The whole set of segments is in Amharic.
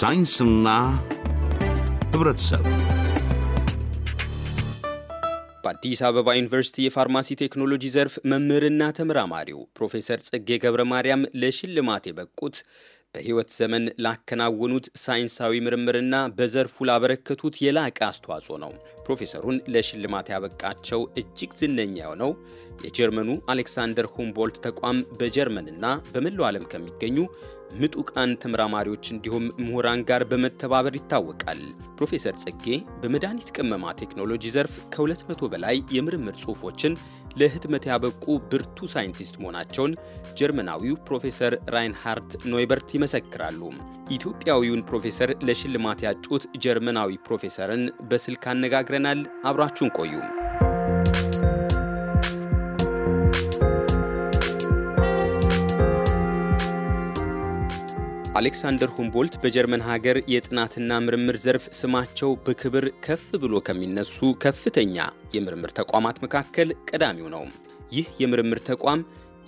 ሳይንስና ህብረተሰብ በአዲስ አበባ ዩኒቨርሲቲ የፋርማሲ ቴክኖሎጂ ዘርፍ መምህርና ተመራማሪው ፕሮፌሰር ጽጌ ገብረ ማርያም ለሽልማት የበቁት በሕይወት ዘመን ላከናወኑት ሳይንሳዊ ምርምርና በዘርፉ ላበረከቱት የላቀ አስተዋጽኦ ነው ፕሮፌሰሩን ለሽልማት ያበቃቸው እጅግ ዝነኛ የሆነው የጀርመኑ አሌክሳንደር ሁምቦልት ተቋም በጀርመንና በመላው ዓለም ከሚገኙ ምጡቃን ተመራማሪዎች እንዲሁም ምሁራን ጋር በመተባበር ይታወቃል። ፕሮፌሰር ጽጌ በመድኃኒት ቅመማ ቴክኖሎጂ ዘርፍ ከ200 በላይ የምርምር ጽሑፎችን ለህትመት ያበቁ ብርቱ ሳይንቲስት መሆናቸውን ጀርመናዊው ፕሮፌሰር ራይንሃርት ኖይበርት ይመሰክራሉ። ኢትዮጵያዊውን ፕሮፌሰር ለሽልማት ያጩት ጀርመናዊ ፕሮፌሰርን በስልክ አነጋግረናል። አብራችሁን ቆዩ። አሌክሳንደር ሁምቦልት በጀርመን ሀገር የጥናትና ምርምር ዘርፍ ስማቸው በክብር ከፍ ብሎ ከሚነሱ ከፍተኛ የምርምር ተቋማት መካከል ቀዳሚው ነው። ይህ የምርምር ተቋም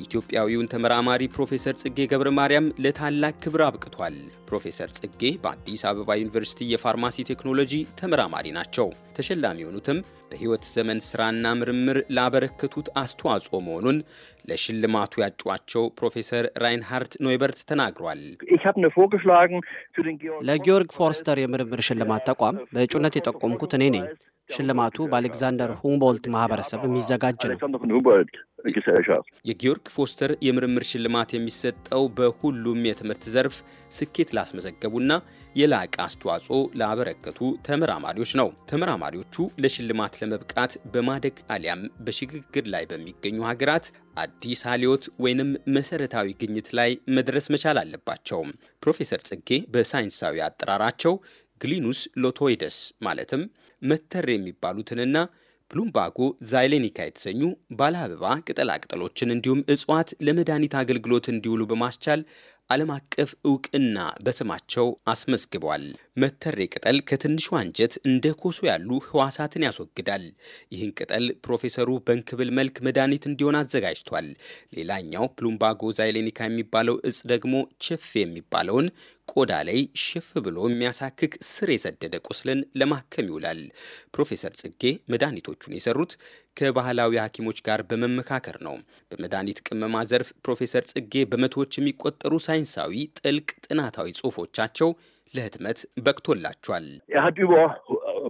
ኢትዮጵያዊውን ተመራማሪ ፕሮፌሰር ጽጌ ገብረ ማርያም ለታላቅ ክብር አብቅቷል። ፕሮፌሰር ጽጌ በአዲስ አበባ ዩኒቨርሲቲ የፋርማሲ ቴክኖሎጂ ተመራማሪ ናቸው። ተሸላሚ የሆኑትም በሕይወት ዘመን ስራና ምርምር ላበረከቱት አስተዋጽኦ መሆኑን ለሽልማቱ ያጯቸው ፕሮፌሰር ራይንሃርት ኖይበርት ተናግሯል። ለጊዮርግ ፎርስተር የምርምር ሽልማት ተቋም በእጩነት የጠቆምኩት እኔ ነኝ። ሽልማቱ በአሌክዛንደር ሁምቦልት ማህበረሰብ የሚዘጋጅ ነው። የጊዮርግ ፎስተር የምርምር ሽልማት የሚሰጠው በሁሉም የትምህርት ዘርፍ ስኬት ላስመዘገቡና የላቀ አስተዋጽኦ ላበረከቱ ተመራማሪዎች ነው። ተመራማሪዎቹ ለሽልማት ለመብቃት በማደግ አሊያም በሽግግር ላይ በሚገኙ ሀገራት አዲስ አሊዮት ወይንም መሰረታዊ ግኝት ላይ መድረስ መቻል አለባቸውም። ፕሮፌሰር ጽጌ በሳይንሳዊ አጠራራቸው ግሊኑስ ሎቶይደስ ማለትም መተር የሚባሉትንና ፕሉምባጎ ዛይሌኒካ የተሰኙ ባለ አበባ ቅጠላቅጠሎችን እንዲሁም እጽዋት ለመድኃኒት አገልግሎት እንዲውሉ በማስቻል ዓለም አቀፍ እውቅና በስማቸው አስመዝግቧል። መተሬ ቅጠል ከትንሹ አንጀት እንደ ኮሶ ያሉ ህዋሳትን ያስወግዳል። ይህን ቅጠል ፕሮፌሰሩ በንክብል መልክ መድኃኒት እንዲሆን አዘጋጅቷል። ሌላኛው ፕሉምባጎ ዛይሌኒካ የሚባለው እጽ ደግሞ ችፍ የሚባለውን ቆዳ ላይ ሽፍ ብሎ የሚያሳክክ ስር የሰደደ ቁስልን ለማከም ይውላል። ፕሮፌሰር ጽጌ መድኃኒቶቹን የሰሩት ከባህላዊ ሐኪሞች ጋር በመመካከር ነው። በመድኃኒት ቅመማ ዘርፍ ፕሮፌሰር ጽጌ በመቶዎች የሚቆጠሩ ሳይንሳዊ ጥልቅ ጥናታዊ ጽሑፎቻቸው ለህትመት በቅቶላቸዋል።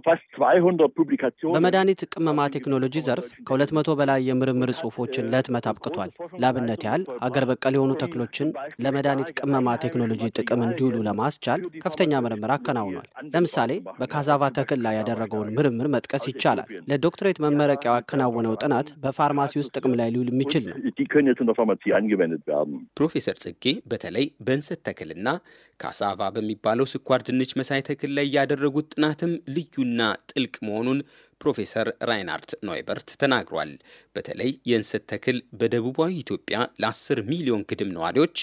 fast 200 ፑብሊካቸውን በመድኃኒት ቅመማ ቴክኖሎጂ ዘርፍ ከ200 በላይ የምርምር ጽሁፎችን ለህትመት አብቅቷል። ላብነት ያህል አገር በቀል የሆኑ ተክሎችን ለመድኃኒት ቅመማ ቴክኖሎጂ ጥቅም እንዲውሉ ለማስቻል ከፍተኛ ምርምር አከናውኗል። ለምሳሌ በካዛቫ ተክል ላይ ያደረገውን ምርምር መጥቀስ ይቻላል። ለዶክትሬት መመረቂያው ያከናወነው ጥናት በፋርማሲ ውስጥ ጥቅም ላይ ሊውል የሚችል ነው። ፕሮፌሰር ጽጌ በተለይ በእንሰት ተክልና ካሳቫ በሚባለው ስኳር ድንች መሳይ ተክል ላይ ያደረጉት ጥናትም ልዩ። እና ጥልቅ መሆኑን ፕሮፌሰር ራይናርድ ኖይበርት ተናግሯል። በተለይ የእንሰት ተክል በደቡባዊ ኢትዮጵያ ለ10 ሚሊዮን ግድም ነዋሪዎች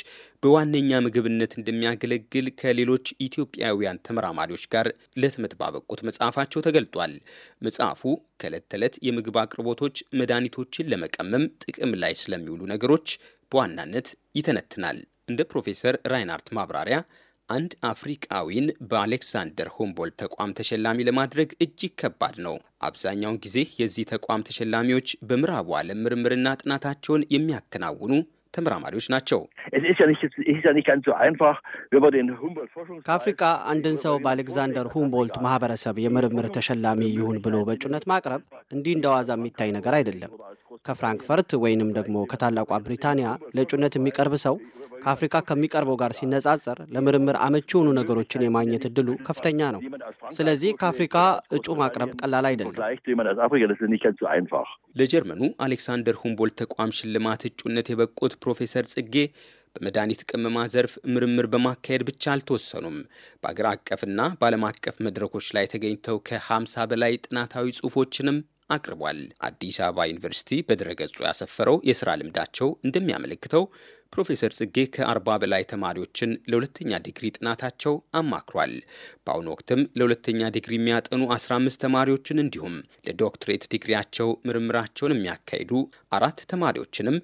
በዋነኛ ምግብነት እንደሚያገለግል ከሌሎች ኢትዮጵያውያን ተመራማሪዎች ጋር ባበቁት መጽሐፋቸው ተገልጧል። መጽሐፉ ከዕለት ተዕለት የምግብ አቅርቦቶች መድኃኒቶችን ለመቀመም ጥቅም ላይ ስለሚውሉ ነገሮች በዋናነት ይተነትናል። እንደ ፕሮፌሰር ራይናርት ማብራሪያ አንድ አፍሪቃዊን በአሌክሳንደር ሁምቦልት ተቋም ተሸላሚ ለማድረግ እጅግ ከባድ ነው። አብዛኛውን ጊዜ የዚህ ተቋም ተሸላሚዎች በምዕራቡ ዓለም ምርምርና ጥናታቸውን የሚያከናውኑ ተመራማሪዎች ናቸው። ከአፍሪቃ አንድን ሰው በአሌክዛንደር ሁምቦልት ማህበረሰብ የምርምር ተሸላሚ ይሁን ብሎ በእጩነት ማቅረብ እንዲህ እንደ ዋዛ የሚታይ ነገር አይደለም። ከፍራንክፈርት ወይንም ደግሞ ከታላቋ ብሪታንያ ለእጩነት የሚቀርብ ሰው ከአፍሪካ ከሚቀርበው ጋር ሲነጻጸር ለምርምር አመቺ የሆኑ ነገሮችን የማግኘት እድሉ ከፍተኛ ነው። ስለዚህ ከአፍሪካ እጩ ማቅረብ ቀላል አይደለም። ለጀርመኑ አሌክሳንደር ሁምቦልት ተቋም ሽልማት እጩነት የበቁት ፕሮፌሰር ጽጌ በመድኃኒት ቅመማ ዘርፍ ምርምር በማካሄድ ብቻ አልተወሰኑም። በአገር አቀፍና በዓለም አቀፍ መድረኮች ላይ ተገኝተው ከ50 በላይ ጥናታዊ ጽሁፎችንም አቅርቧል። አዲስ አበባ ዩኒቨርሲቲ በድረገጹ ያሰፈረው የስራ ልምዳቸው እንደሚያመለክተው ፕሮፌሰር ጽጌ ከአርባ በላይ ተማሪዎችን ለሁለተኛ ዲግሪ ጥናታቸው አማክሯል። በአሁኑ ወቅትም ለሁለተኛ ዲግሪ የሚያጠኑ 15 ተማሪዎችን እንዲሁም ለዶክትሬት ዲግሪያቸው ምርምራቸውን የሚያካሂዱ አራት ተማሪዎችንም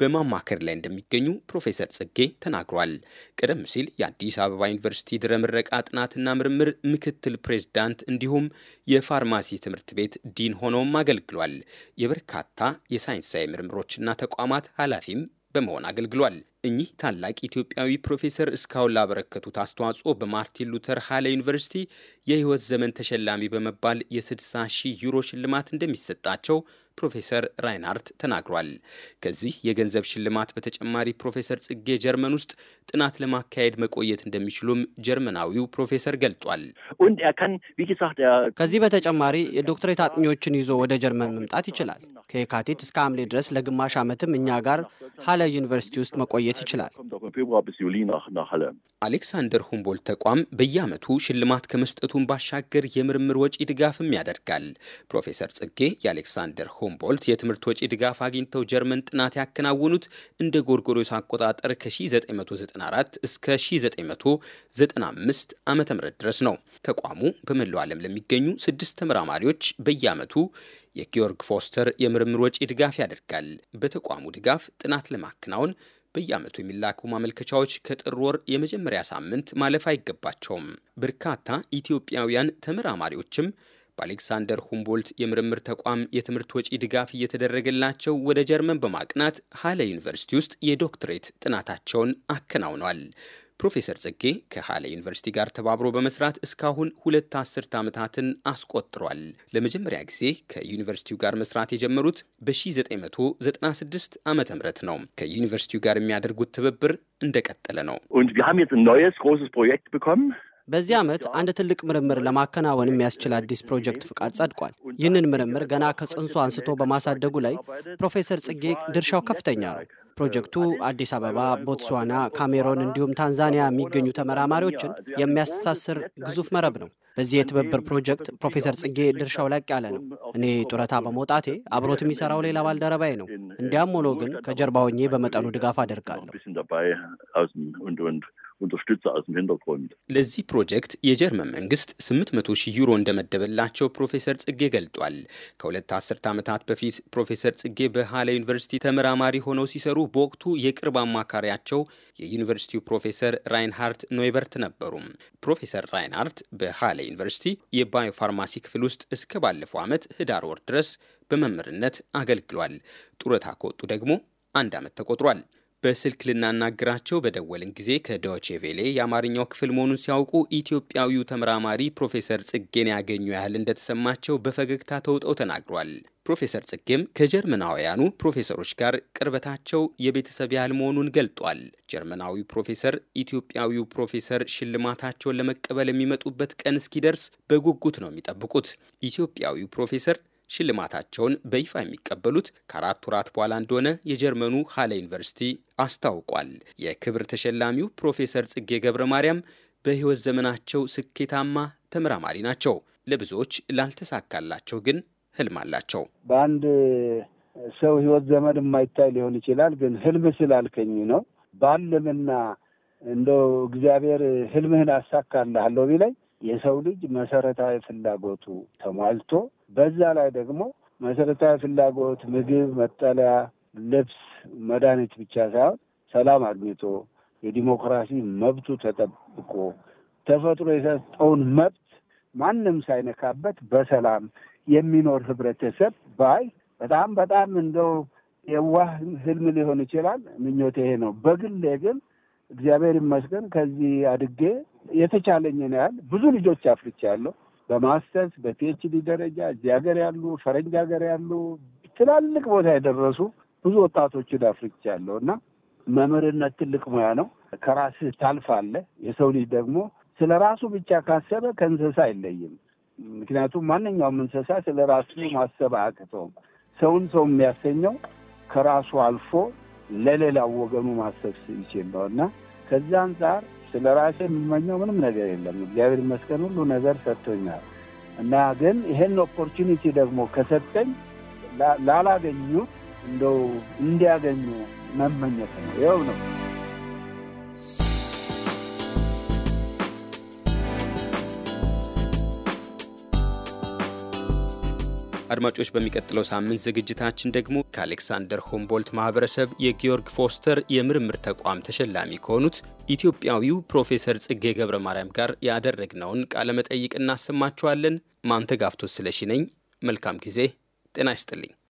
በማማከር ላይ እንደሚገኙ ፕሮፌሰር ጽጌ ተናግሯል። ቀደም ሲል የአዲስ አበባ ዩኒቨርሲቲ ድረ ምረቃ ጥናትና ምርምር ምክትል ፕሬዝዳንት እንዲሁም የፋርማሲ ትምህርት ቤት ዲን ሆኖም አገልግሏል። የበርካታ የሳይንሳዊ ምርምሮችና ተቋማት ኃላፊም በመሆን አገልግሏል። እኚህ ታላቅ ኢትዮጵያዊ ፕሮፌሰር እስካሁን ላበረከቱት አስተዋጽኦ በማርቲን ሉተር ሀለ ዩኒቨርሲቲ የህይወት ዘመን ተሸላሚ በመባል የ60 ሺህ ዩሮ ሽልማት እንደሚሰጣቸው ፕሮፌሰር ራይናርት ተናግሯል። ከዚህ የገንዘብ ሽልማት በተጨማሪ ፕሮፌሰር ጽጌ ጀርመን ውስጥ ጥናት ለማካሄድ መቆየት እንደሚችሉም ጀርመናዊው ፕሮፌሰር ገልጧል። er er ከዚህ በተጨማሪ የዶክትሬት አጥኚዎችን ይዞ ወደ ጀርመን መምጣት ይችላል። ከየካቲት እስከ ሐምሌ ድረስ ለግማሽ ዓመትም እኛ ጋር ሃለ ዩኒቨርሲቲ ውስጥ መቆየት መቆየት ይችላል። አሌክሳንደር ሁምቦልት ተቋም በየዓመቱ ሽልማት ከመስጠቱን ባሻገር የምርምር ወጪ ድጋፍም ያደርጋል። ፕሮፌሰር ጽጌ የአሌክሳንደር ሁምቦልት የትምህርት ወጪ ድጋፍ አግኝተው ጀርመን ጥናት ያከናወኑት እንደ ጎርጎሮስ አቆጣጠር ከ1994 እስከ 1995 ዓ ም ድረስ ነው። ተቋሙ በመላው ዓለም ለሚገኙ ስድስት ተመራማሪዎች በየዓመቱ የጊዮርግ ፎስተር የምርምር ወጪ ድጋፍ ያደርጋል። በተቋሙ ድጋፍ ጥናት ለማከናወን በየዓመቱ የሚላኩ ማመልከቻዎች ከጥር ወር የመጀመሪያ ሳምንት ማለፍ አይገባቸውም። በርካታ ኢትዮጵያውያን ተመራማሪዎችም በአሌክሳንደር ሁምቦልት የምርምር ተቋም የትምህርት ወጪ ድጋፍ እየተደረገላቸው ወደ ጀርመን በማቅናት ሀለ ዩኒቨርሲቲ ውስጥ የዶክትሬት ጥናታቸውን አከናውኗል። ፕሮፌሰር ጽጌ ከሀለ ዩኒቨርሲቲ ጋር ተባብሮ በመስራት እስካሁን ሁለት አስርት ዓመታትን አስቆጥሯል። ለመጀመሪያ ጊዜ ከዩኒቨርሲቲው ጋር መስራት የጀመሩት በ1996 ዓ ም ነው። ከዩኒቨርሲቲው ጋር የሚያደርጉት ትብብር እንደቀጠለ ነው። በዚህ ዓመት አንድ ትልቅ ምርምር ለማከናወን የሚያስችል አዲስ ፕሮጀክት ፍቃድ ጸድቋል። ይህንን ምርምር ገና ከጽንሱ አንስቶ በማሳደጉ ላይ ፕሮፌሰር ጽጌ ድርሻው ከፍተኛ ነው። ፕሮጀክቱ አዲስ አበባ፣ ቦትስዋና፣ ካሜሮን እንዲሁም ታንዛኒያ የሚገኙ ተመራማሪዎችን የሚያስተሳስር ግዙፍ መረብ ነው። በዚህ የትብብር ፕሮጀክት ፕሮፌሰር ጽጌ ድርሻው ላቅ ያለ ነው። እኔ ጡረታ በመውጣቴ አብሮት የሚሰራው ሌላ ባልደረባዬ ነው። እንዲያም ሆኖ ግን ከጀርባ ሆኜ በመጠኑ ድጋፍ አደርጋለሁ። Unterstützer aus dem Hintergrund. ለዚህ ፕሮጀክት የጀርመን መንግስት 800 ሺህ ዩሮ እንደመደበላቸው ፕሮፌሰር ጽጌ ገልጧል። ከሁለት አስርት ዓመታት በፊት ፕሮፌሰር ጽጌ በሃለ ዩኒቨርሲቲ ተመራማሪ ሆነው ሲሰሩ በወቅቱ የቅርብ አማካሪያቸው የዩኒቨርሲቲው ፕሮፌሰር ራይንሃርት ኖይበርት ነበሩ። ፕሮፌሰር ራይንሃርት በሃለ ዩኒቨርሲቲ የባዮፋርማሲ ክፍል ውስጥ እስከ ባለፈው ዓመት ህዳር ወር ድረስ በመምህርነት አገልግሏል። ጡረታ ከወጡ ደግሞ አንድ ዓመት ተቆጥሯል። በስልክ ልናናግራቸው በደወልን ጊዜ ከዶቼ ቬሌ የአማርኛው ክፍል መሆኑን ሲያውቁ ኢትዮጵያዊው ተመራማሪ ፕሮፌሰር ጽጌን ያገኙ ያህል እንደተሰማቸው በፈገግታ ተውጠው ተናግሯል። ፕሮፌሰር ጽጌም ከጀርመናውያኑ ፕሮፌሰሮች ጋር ቅርበታቸው የቤተሰብ ያህል መሆኑን ገልጧል። ጀርመናዊው ፕሮፌሰር ኢትዮጵያዊው ፕሮፌሰር ሽልማታቸውን ለመቀበል የሚመጡበት ቀን እስኪደርስ በጉጉት ነው የሚጠብቁት። ኢትዮጵያዊው ፕሮፌሰር ሽልማታቸውን በይፋ የሚቀበሉት ከአራት ወራት በኋላ እንደሆነ የጀርመኑ ሀላ ዩኒቨርሲቲ አስታውቋል። የክብር ተሸላሚው ፕሮፌሰር ጽጌ ገብረ ማርያም በሕይወት ዘመናቸው ስኬታማ ተመራማሪ ናቸው። ለብዙዎች ላልተሳካላቸው ግን ህልም አላቸው። በአንድ ሰው ሕይወት ዘመን የማይታይ ሊሆን ይችላል። ግን ህልም ስላልከኝ ነው ባልምና እንደው እግዚአብሔር ህልምህን አሳካልሃለሁ ቢለኝ የሰው ልጅ መሰረታዊ ፍላጎቱ ተሟልቶ በዛ ላይ ደግሞ መሰረታዊ ፍላጎት ምግብ፣ መጠለያ፣ ልብስ፣ መድኃኒት ብቻ ሳይሆን ሰላም አግኝቶ የዲሞክራሲ መብቱ ተጠብቆ ተፈጥሮ የሰጠውን መብት ማንም ሳይነካበት በሰላም የሚኖር ህብረተሰብ ባይ በጣም በጣም እንደው የዋህ ህልም ሊሆን ይችላል። ምኞቴ ይሄ ነው። በግሌ ግን እግዚአብሔር ይመስገን ከዚህ አድጌ የተቻለኝን ያህል ብዙ ልጆች አፍርቻለሁ። በማስተርስ በፒኤችዲ ደረጃ እዚህ ሀገር ያሉ ፈረንጅ ሀገር ያሉ ትላልቅ ቦታ የደረሱ ብዙ ወጣቶችን አፍርቻለሁ እና መምህርነት ትልቅ ሙያ ነው። ከራስህ ታልፋለህ። የሰው ልጅ ደግሞ ስለ ራሱ ብቻ ካሰበ ከእንስሳ አይለይም። ምክንያቱም ማንኛውም እንስሳ ስለ ራሱ ማሰብ አያቅተውም። ሰውን ሰው የሚያሰኘው ከራሱ አልፎ ለሌላው ወገኑ ማሰብ ይችል ነው እና ከዚያ አንጻር ስለ ራሴ የምመኘው ምንም ነገር የለም። እግዚአብሔር ይመስገን ሁሉ ነገር ሰጥቶኛል እና ግን ይሄን ኦፖርቹኒቲ ደግሞ ከሰጠኝ ላላገኙ እንደው እንዲያገኙ መመኘት ነው ይኸው ነው። አድማጮች፣ በሚቀጥለው ሳምንት ዝግጅታችን ደግሞ ከአሌክሳንደር ሆምቦልት ማህበረሰብ የጊዮርግ ፎስተር የምርምር ተቋም ተሸላሚ ከሆኑት ኢትዮጵያዊው ፕሮፌሰር ጽጌ ገብረ ማርያም ጋር ያደረግነውን ቃለመጠይቅ እናሰማችኋለን። ማንተጋፍቶ ስለሺ ነኝ። መልካም ጊዜ። ጤና ይስጥልኝ።